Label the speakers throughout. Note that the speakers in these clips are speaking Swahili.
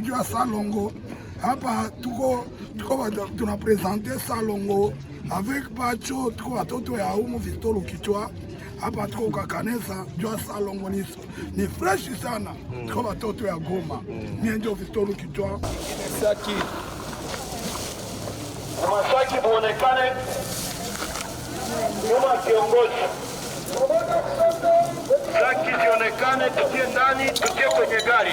Speaker 1: tunajua Salongo hapa tuko tuko tunapresente Salongo avec pacho, tuko watoto ya umu vitolo kichwa hapa tuko kakanesa jua Salongo ni, ni freshi sana mm. tuko watoto ya Goma mie njo vitolo kichwa
Speaker 2: Masaki Masaki muonekane nyuma kiongozi Saki zionekane, tukie ndani, tukie kwenye gari.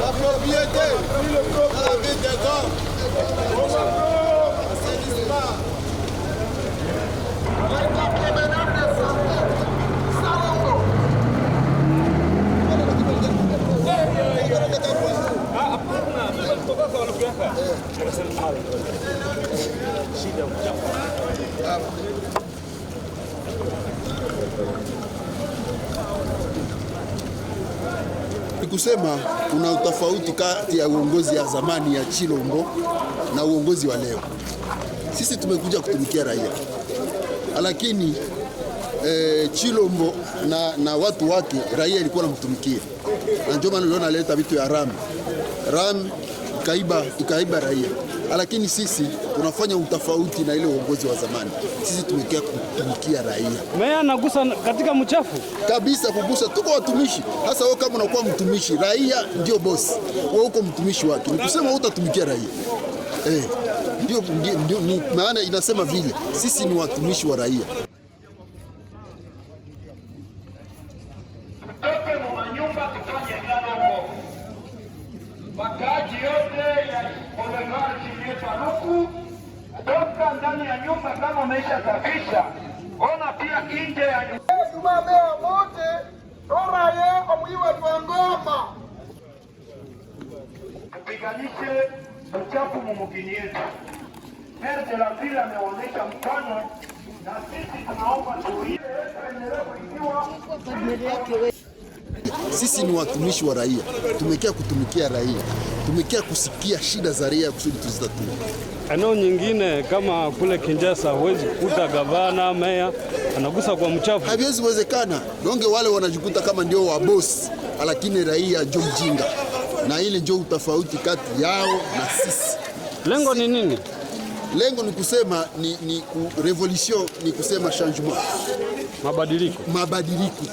Speaker 1: La propriété, puis le propre à la vie des hommes. Assainissement. Regardez maintenant les santé. Thank you. Ni kusema kuna utofauti kati ya uongozi ya zamani ya Chilombo na uongozi wa leo. Sisi tumekuja kutumikia raia, lakini eh, Chilombo na, na watu wake raia ilikuwa namtumikia, na ndio maana leo naleta vitu ya ram ram ikaiba, ikaiba raia lakini sisi tunafanya utofauti na ile uongozi wa zamani. Sisi tumekea kutumikia raia.
Speaker 3: Meya anagusa katika mchafu
Speaker 1: kabisa, kugusa. Tuko watumishi, hasa wewe kama unakuwa mtumishi, raia ndio bosi, wewe uko mtumishi wake, ni kusema utatumikia raia eh, ndio, ndio, ni maana inasema vile sisi ni watumishi wa raia.
Speaker 2: Wakaaji yote Bodaboda kiingie taruku toka ndani ya nyumba kama umeisha safisha, ona pia nje ya nyumba sumabea mote oraye omwiwe kwa ngoma, tupiganishe uchafu mumugini yetu. Mere de la Ville ameonyesha mfano na sisi tunaomba tuendelee kuikiwa
Speaker 1: sisi ni watumishi wa raia, tumekia kutumikia raia, tumekia kusikia shida za raia kusudi tuzitatue.
Speaker 3: Eneo nyingine kama kule Kinjasa, huwezi kukuta gavana, meya anagusa kwa mchafu,
Speaker 1: haviwezi wezekana. Donge wale wanajikuta kama ndio wabosi, lakini raia njo mjinga, na ile njo utofauti kati yao na sisi.
Speaker 3: Lengo ni nini?
Speaker 1: Lengo ni kusema ni, ni revolution ni kusema changement, mabadiliko, mabadiliko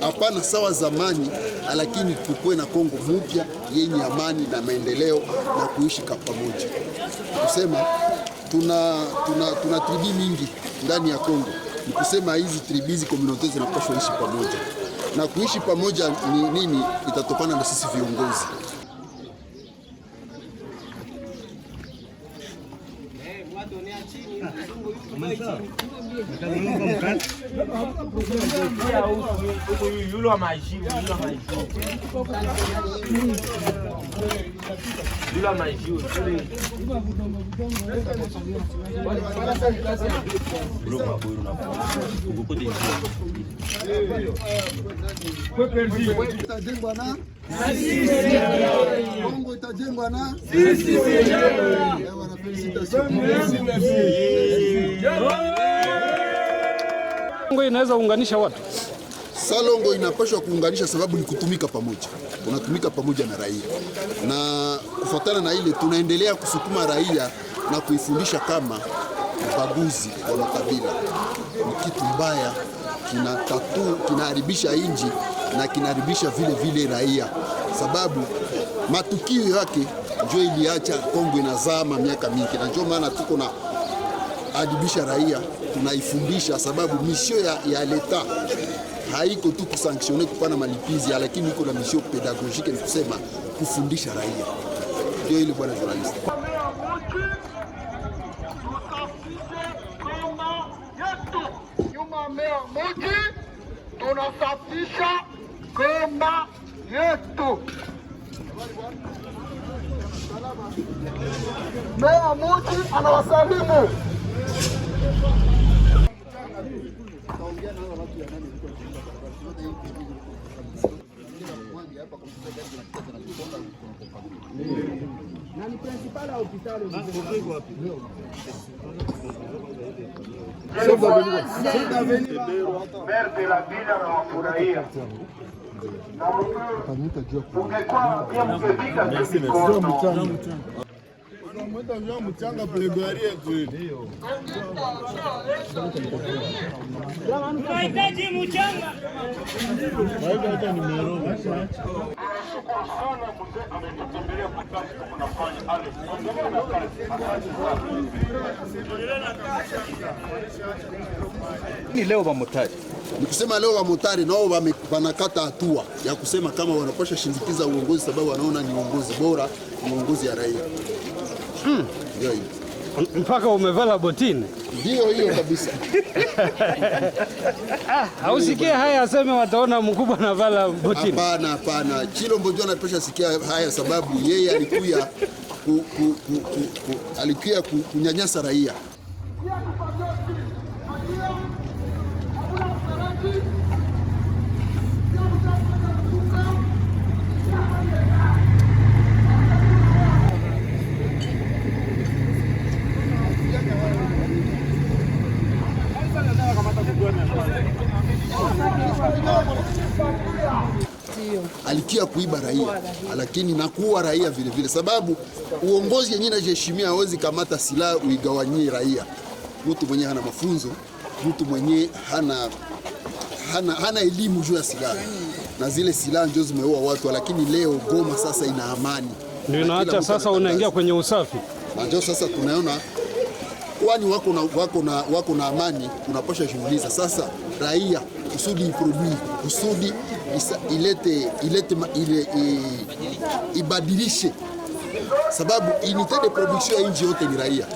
Speaker 1: hapana sawa zamani, lakini tukuwe na Kongo mupya yenye amani na maendeleo na kuishi kwa pamoja. Kusema tuna, tuna, tuna tribi mingi ndani ya Kongo, ni kusema hizi tribi hizi komunote zinapaswa ishi pamoja, na kuishi pamoja ni nini itatokana na sisi viongozi eh, Yule wa maji, Vou wa maji. Yule wa maji, Vou
Speaker 3: Bloco mabuiro na porta. O Vou de Foi perdido. Itajengwa na sisi. Bongo itajengwa na sisi. Felicitações. Merci, merci. Salongo inaweza kuunganisha watu.
Speaker 1: Salongo inapashwa kuunganisha, sababu ni kutumika pamoja, unatumika pamoja na raia, na kufuatana na ile tunaendelea kusukuma raia na kuifundisha kama ubaguzi wa makabila ni kitu mbaya, tatu, kinaharibisha inji na kinaharibisha vile vile raia, sababu matukio yake njo iliacha Kongo inazama miaka mingi, na njo maana tuko na adibisha raia tunaifundisha, sababu misio ya, ya leta haiko tu kusanktione kupana malipizi, lakini iko na misio pedagogike, ni kusema kufundisha raia. Ndio hili bwana journalist.
Speaker 2: Nyuma mea muji tunasafisha Goma yetu. Mea muji anawasalimu. Maire de la ville amewafurahia na mungekuwa pia mkevika Tunahitaji mchanga.
Speaker 3: Ni leo Bamotari.
Speaker 1: Nikisema leo Bamotari nao wanakata hatua ya kusema kama wanapasha shindikiza uongozi sababu wanaona ni uongozi bora, ni uongozi ya raia. Mm.
Speaker 3: Mpaka umevala botini.
Speaker 1: Ndio hiyo kabisa.
Speaker 3: Ah, hausikia haya aseme wataona mkubwa na vala botini.
Speaker 1: Hapana, hapana. Chilo Mbojo anapesha sikia haya sababu yeye alikuya ku, ku, ku, ku, ku, alikuya ku, kunyanyasa raia. alikia kuiba raia, lakini nakuwa raia vilevile vile. Sababu uongozi yenyewe najiheshimia hawezi kamata silaha uigawanyie raia, mtu mwenye hana mafunzo, mtu mwenye hana hana, hana elimu juu ya silaha, na zile silaha ndio zimeua watu. Lakini leo Goma sasa ina amani,
Speaker 3: ndio naacha sasa unaingia kwenye usafi,
Speaker 1: na ndio sasa tunaona kwani wako na, wako na, wako na amani, unapasha shughuli sasa raia kusudi iprodui, kusudi ilete, ilete, ibadilishe, sababu unité de production ya nchi yote ni raia.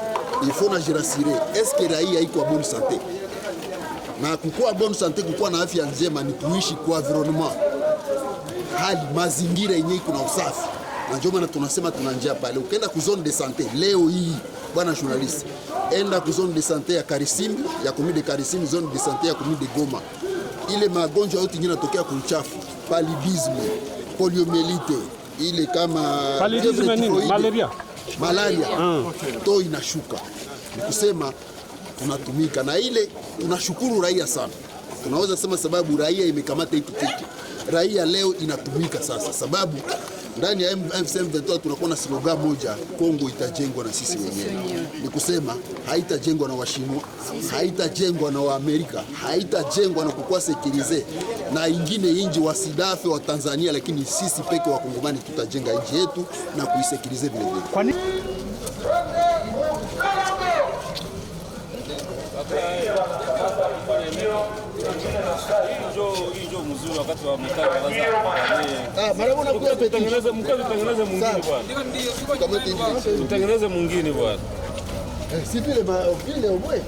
Speaker 1: Ifo na jirasire eske raia iko a bonne santé, na kukuwa bonne santé, kukuwa na afya njema ni kuishi kwa environnement, hali mazingira yenyewe iko na usafi na ndio maana tunasema tuna njia pale. Ukaenda ku zone de sante leo hii, bwana journaliste enda ku zone de santé ya Karisimbi ya komune de Karisimbi, zone de santé ya komune de Goma ile magonjwa yote ingine natokea kwa uchafu, paludisme, poliomelite ile kama
Speaker 3: nini, malaria,
Speaker 1: malaria mm. Ah. to inashuka, ni kusema tunatumika na ile. Tunashukuru raia sana, tunaweza sema sababu raia imekamata hii kitu, Raia leo inatumika sasa sababu ndani ya M23 tunakuwa na sloga moja, Kongo itajengwa na sisi wenyewe. Ni kusema haitajengwa na Washinwa, haitajengwa na Waamerika, haitajengwa na kukua sekirize na ingine inji wasidafe wa Tanzania, lakini sisi peke wa Kongomani tutajenga inji yetu na kuisekirize vilevile. wakati wa mtaa ah, tutengeneze mwingine bwana, tutengeneze mwingine bwana. Eh, si vile vile omwe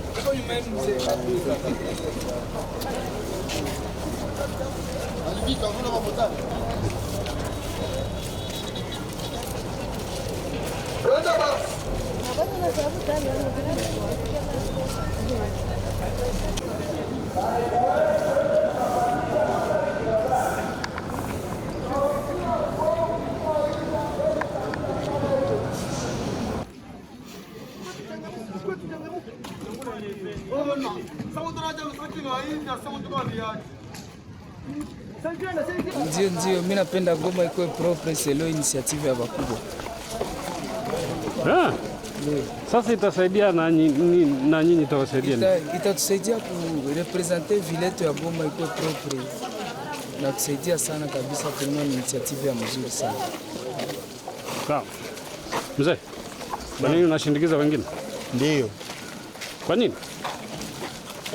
Speaker 4: ndio mimi napenda Goma ikuwe propre selo initiative ya wakubwa
Speaker 3: ah, Sasa itasaidia na nyinyi na nyinyi itawasaidia.
Speaker 4: itatusaidia ku representer villette ya Goma ikuwe propre. Na kusaidia sana kabisa kuna initiative ya mzuri sana.
Speaker 3: Sawa. Mzee. Bani unashindikiza wengine? Ndio. Kwa nini?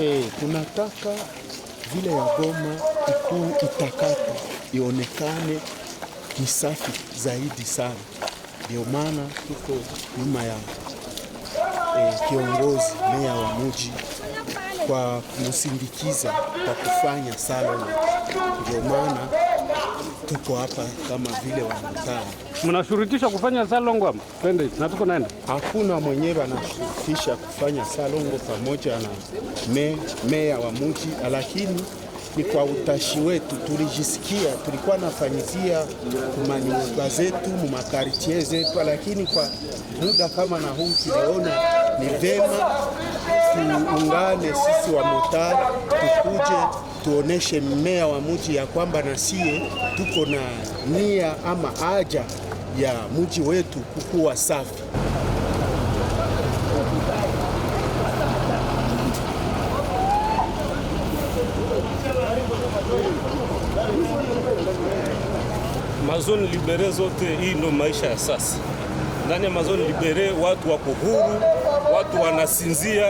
Speaker 4: Eh, tunataka vile ya Goma ikuu itakata ionekane ni safi zaidi sana. Ndio maana tuko nyuma ya e, kiongozi meya wa mji kwa kumsindikiza kwa kufanya sala. Ndio maana tuko hapa kama vile wanamtaa.
Speaker 3: Mnashurutisha kufanya salongo ama twende na tuko naenda,
Speaker 4: hakuna mwenyewe anashurutisha kufanya salongo pamoja na me, meya wa mji lakini ni kwa utashi wetu, tulijisikia tulikuwa nafanyizia kumanyumba zetu mumakaritie zetu, lakini kwa muda kama na huu tuliona ni vema tuungane sisi wa motari tukuje tuoneshe mmea wa mji ya kwamba na sie tuko na nia ama haja ya mji wetu kukuwa safi.
Speaker 5: Amazon libere zote, hii ndo maisha ya sasa. Ndani ya Amazon libere watu wako huru, watu wanasinzia,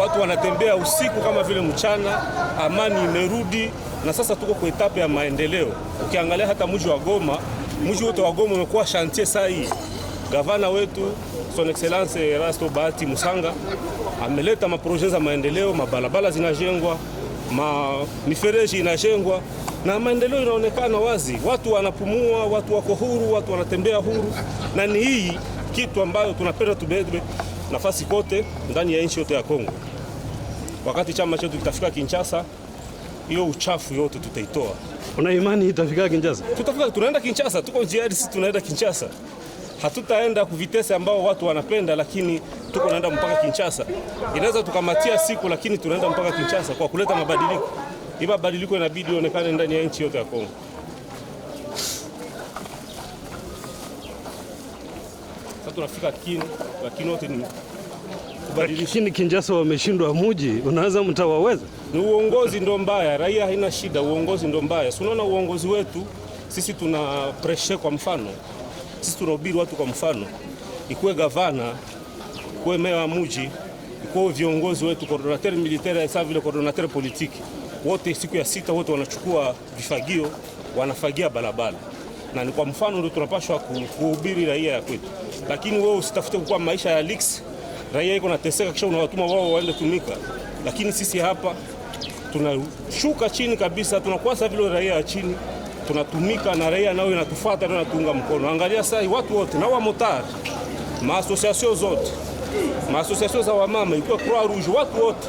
Speaker 5: watu wanatembea usiku kama vile mchana. Amani imerudi na sasa tuko kwa etape ya maendeleo. Ukiangalia hata mji wa Goma, mji wote wa Goma umekuwa shantie saa hii. Gavana wetu Son Excellence Erasto Bahati Musanga ameleta maproje za maendeleo, mabalabala zinajengwa, ma mifereji inajengwa na maendeleo inaonekana wazi, watu wanapumua, watu wako huru, watu wanatembea huru, na ni hii kitu ambayo tunapenda tubebe nafasi kote ndani ya nchi yote ya Kongo. Wakati chama chetu kitafika Kinshasa, hiyo uchafu yote tutaitoa.
Speaker 3: Una imani itafika Kinshasa?
Speaker 5: Tutafika, tunaenda Kinshasa, tuko njiani tunaenda Kinshasa. Hatutaenda kuvitesa ambao watu wanapenda, lakini tuko naenda mpaka Kinshasa. Inaweza tukamatia siku, lakini tunaenda mpaka Kinshasa kwa kuleta mabadiliko. Hii mabadiliko inabidi ionekane ndani ya nchi yote ya Kongo. Sasa tunafika kini, lakini wote ni
Speaker 3: lakini Kinjasa wameshindwa muji, unaweza mtawaweza?
Speaker 5: Ni uongozi ndo mbaya, raia haina shida, uongozi ndo mbaya. Si unaona uongozi wetu sisi tuna preshe, kwa mfano sisi tunahubiri watu, kwa mfano ikuwe gavana, ikuwe meya wa muji, ikuwe viongozi wetu, coordinateur militaire, asa vile coordinateur politiki wote siku ya sita wote wanachukua vifagio wanafagia barabara, na ni kwa mfano ndio tunapaswa kuhubiri raia ya kwetu, lakini wewe usitafute kukuwa maisha ya leaks, raia iko nateseka, kisha unawatuma wao waende tumika, lakini sisi hapa tunashuka chini kabisa, tunakwasa vile raia ya chini tunatumika na raia nao inatufuata na natuunga mkono. Angalia sasa watu wote na wa wamotari, maasosiasio zote, maasosiasio za wamama, ikiwa Croix Rouge, watu wote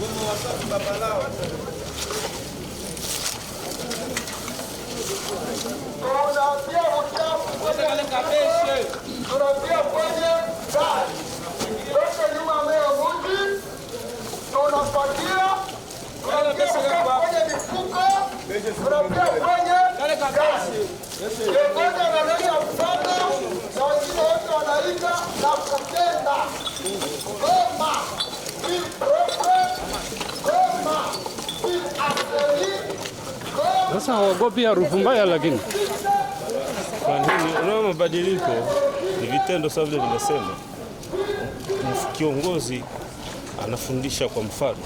Speaker 5: Ngumu Wasafi baba lao
Speaker 3: tunaambia uchafu kwenye tunaambia kwenye gari yote nyuma meo muji tunapakia tunaambia kwenye mifuko tunaambia Sasa hawagopi harufu mbaya, lakini
Speaker 5: kwa nini? Unaona, mabadiliko ni vitendo. Saa vile nimesema, kiongozi anafundisha kwa mfano.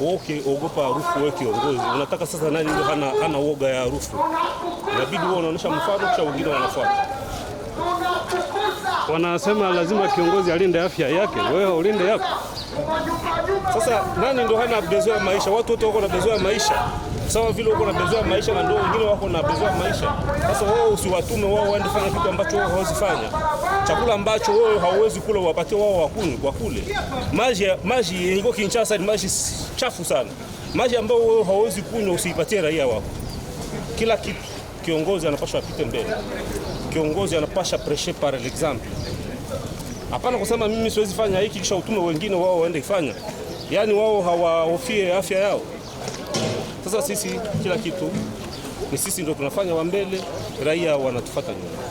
Speaker 5: Ukiogopa harufu wewe kiongozi unataka sasa, nani ndio hana, hana uoga ya harufu? Inabidi wewe unaonyesha mfano, kisha wengine wanafuata.
Speaker 3: Wanasema lazima kiongozi alinde afya yake, wewe ulinde yako.
Speaker 5: Sasa nani ndio hana bezoea maisha? Watu wote wako na bezoea maisha sawa vile uko nabezoa maisha na ndio wengine wako nabezoa maisha. Sasa wao usiwatume wao waende fanya kitu ambacho wao hawezi fanya, chakula ambacho wao hauwezi kula wapatie wao wakunywe kwa kule. Maji maji yenye Kinshasa ni maji chafu sana, maji ambayo wao hauwezi kunywa usiipatie raia wako. Kila kitu kiongozi anapaswa apite mbele, kiongozi anapaswa pressure par l'exemple. Hapana kusema mimi siwezi fanya hiki kisha utume wengine wao waende kufanya, yaani wao hawahofie afya yao. Sasa sisi kila kitu ni sisi ndio tunafanya wa mbele, raia wanatufuata nyuma.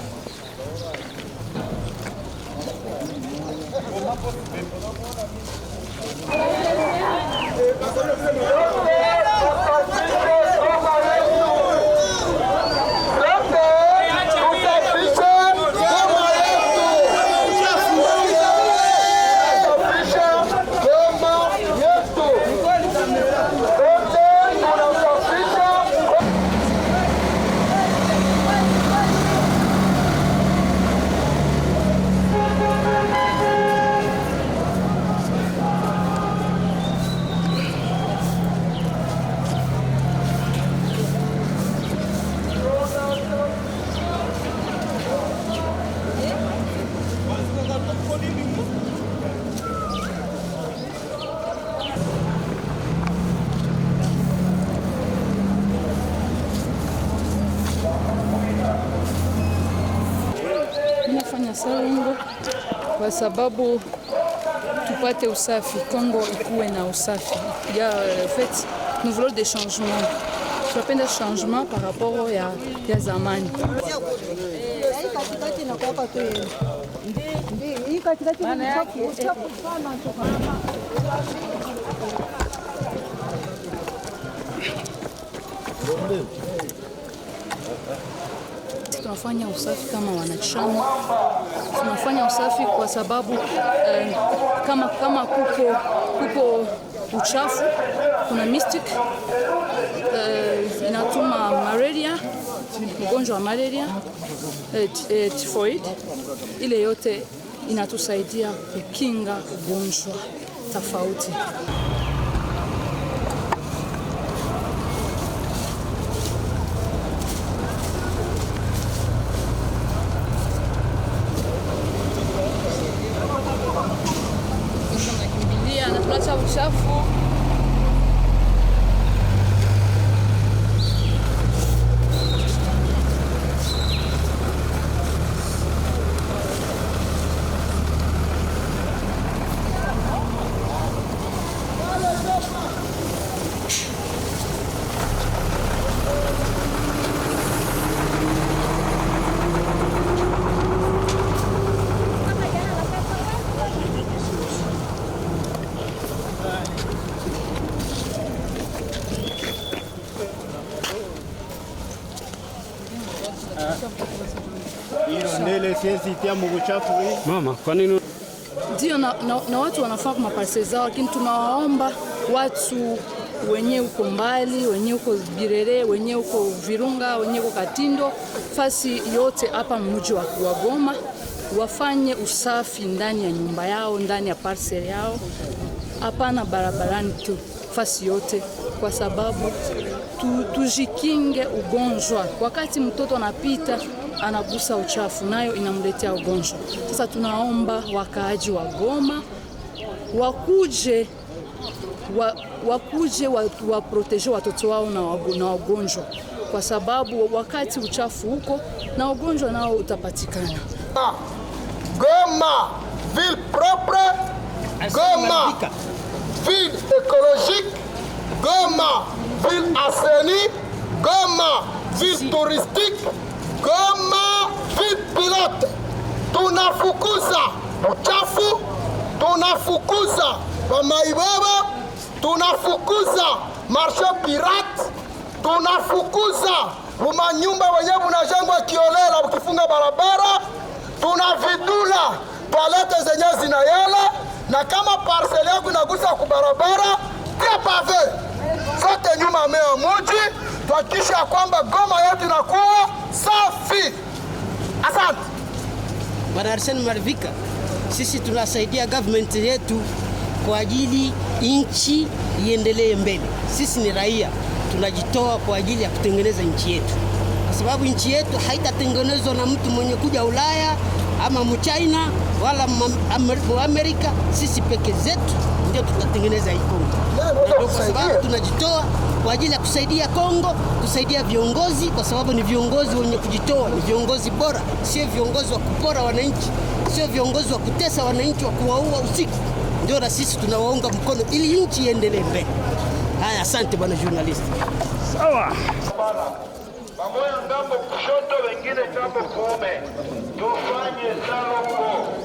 Speaker 6: sababu tupate usafi, Kongo ikuwe na usafi. Ya euh, en fait nous voulons des changements, tunapenda changement par rapport ya, ya zamani tunafanya usafi kama tunafanya usafi kwa sababu eh, kama kama kuko kuko uchafu kuna mystic eh, inatuma malaria, mgonjwa wa malaria eh, eh, Ile yote inatusaidia kukinga ugonjwa tofauti.
Speaker 3: Mama, kwa nini?
Speaker 6: Ndio na, na, na watu wanafaa kumapase zao, lakini tunawaomba watu wenye uko mbali, wenye uko Birere, wenye uko Virunga, wenye uko Katindo, fasi yote hapa mji wa Goma wafanye usafi ndani ya nyumba yao, ndani ya parcel yao, hapana barabarani tu, fasi yote kwa sababu tu, tujikinge ugonjwa. Wakati mtoto anapita anagusa uchafu, nayo inamletea ugonjwa. Sasa tunaomba wakaaji wa Goma wakuje wa, wakuje waproteje wa watoto wao na wagonjwa, kwa sababu wakati uchafu huko na ugonjwa nao utapatikana.
Speaker 2: Goma ville propre, Goma ville ecologique, Goma ville assainie Goma, ville touristique Goma, ville pilote. Tunafukuza uchafu, tunafukuza wamaibaba, tunafukuza marshe pirate, tunafukuza umanyumba wenye unajengwa kiolela, ukifunga barabara, tunavitula toalete zenye zinayela, na kama parseli yako inagusa kubarabara pia pave zote nyuma ya meya wa mji, tuhakikishe ya kwamba Goma yetu inakuwa safi. Asante
Speaker 7: Bwana Arsene Malvika. Sisi tunasaidia government yetu kwa ajili nchi iendelee mbele. Sisi ni raia, tunajitoa kwa ajili ya kutengeneza nchi yetu, kwa sababu nchi yetu haitatengenezwa na mtu mwenye kuja Ulaya ama mchina wala Amerika. Sisi peke zetu ndio tunatengeneza hii Kongo, ndio kwa sababu tunajitoa kwa ajili ya kusaidia Kongo, kusaidia viongozi, kwa sababu ni viongozi wenye kujitoa, ni viongozi bora, sio viongozi wa kupora wananchi, sio viongozi wa kutesa wananchi, wa kuwaua usiku. Ndio na sisi tunawaunga mkono ili nchi iendelee mbele. Haya, asante bwana journalist.
Speaker 3: Sawa
Speaker 2: pamoja, ngambo kushoto, wengine ngambo kuume, tufanye sawa huko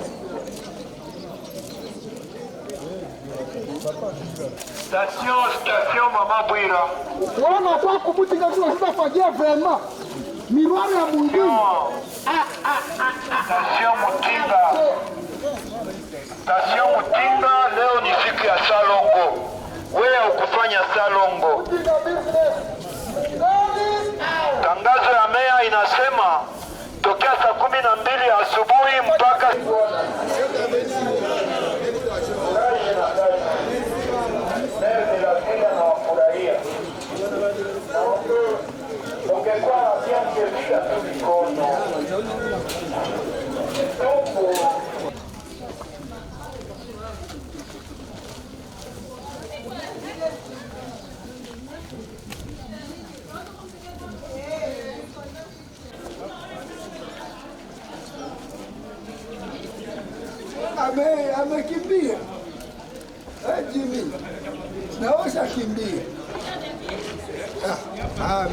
Speaker 2: Station, station Mama Bwira.
Speaker 8: Wana kwa kubutika kwa sasa fagia vrema. Miroir ya mundu. Ah ah
Speaker 2: ah. Station Mutinga. Ah, ah. Station Mutinga leo ni siku ya salongo. Wewe ukufanya salongo. Tangazo ya meya inasema tokea saa kumi na mbili asubuhi mpaka adeguada mediante medidas de corno. Truco.
Speaker 9: Amém, É de mim. Não, essa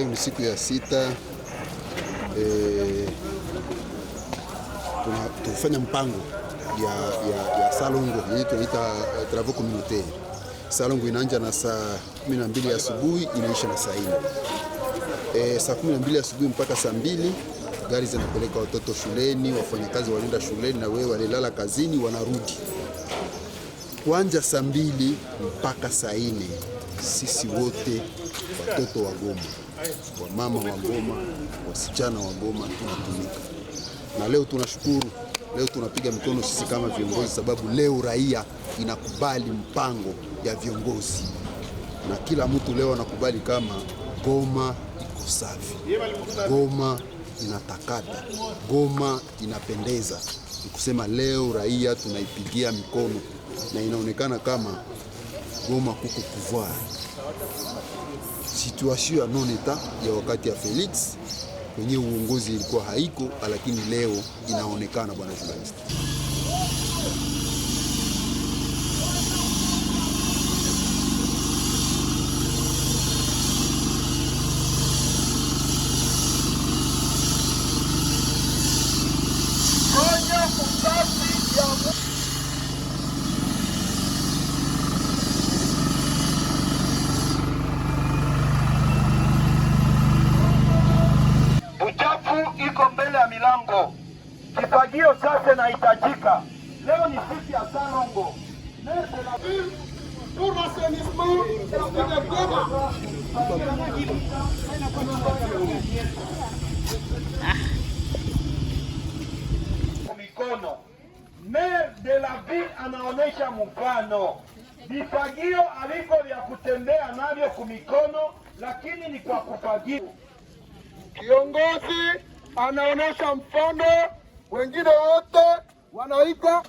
Speaker 10: leo ni siku ya sita e, tunafanya mpango ya, ya, ya salongo hii tunaita eh, travaux communautaire. Salongo inaanza na saa 12 asubuhi inaisha na saa 4. E, saa 12 asubuhi mpaka saa 2 gari zinapeleka watoto shuleni, wafanyakazi wanaenda shuleni na wewe walilala kazini wanarudi. Kuanza saa 2 mpaka saa 4 sisi wote watoto wa Goma wamama wa Goma, wasichana wa Goma tunatumika. Na leo tunashukuru, leo tunapiga mikono sisi kama viongozi, sababu leo raia inakubali mpango ya viongozi, na kila mtu leo anakubali kama Goma iko safi, Goma inatakata, Goma inapendeza. ni kusema leo raia tunaipigia mikono na inaonekana kama Goma kuko pouvoir situasio ya non eta ya wakati ya Felix kwenye uongozi ilikuwa haiko, lakini leo inaonekana bwana journalist.
Speaker 2: vifagio aliko vya kutembea navyo kumikono, lakini ni kwa kufagio. Kiongozi anaonyesha mfano, wengine wote wanaika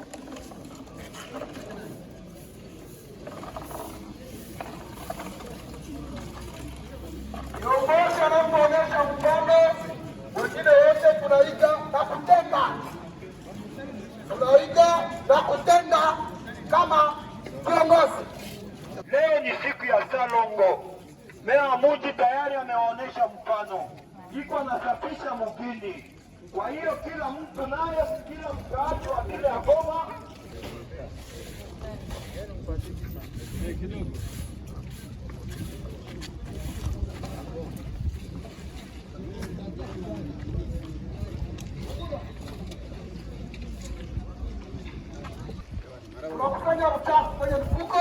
Speaker 2: kutenda, tunaiga na kutenda kama Viongozi, leo ni siku ya Salongo. Meya wa mji tayari amewaonyesha mfano, iko anasafisha mugini. Kwa hiyo kila mtu naye, kila mkaaji wa kile ya Goma tunakufanya uchafu kwenye mfuko,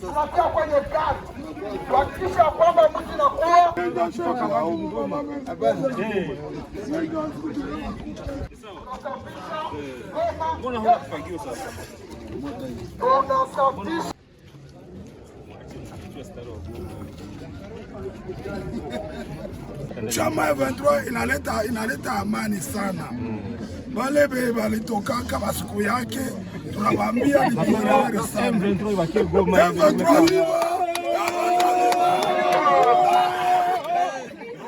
Speaker 2: tunatia kwenye
Speaker 11: kati kuhakikisha kwamba mti inakuwa tunasafisha Chama ya 23 inaleta inaleta amani sana, wale be walitokaka masiku yake Bravo, mia di
Speaker 12: Emre Troy va che gol mai.
Speaker 11: Emre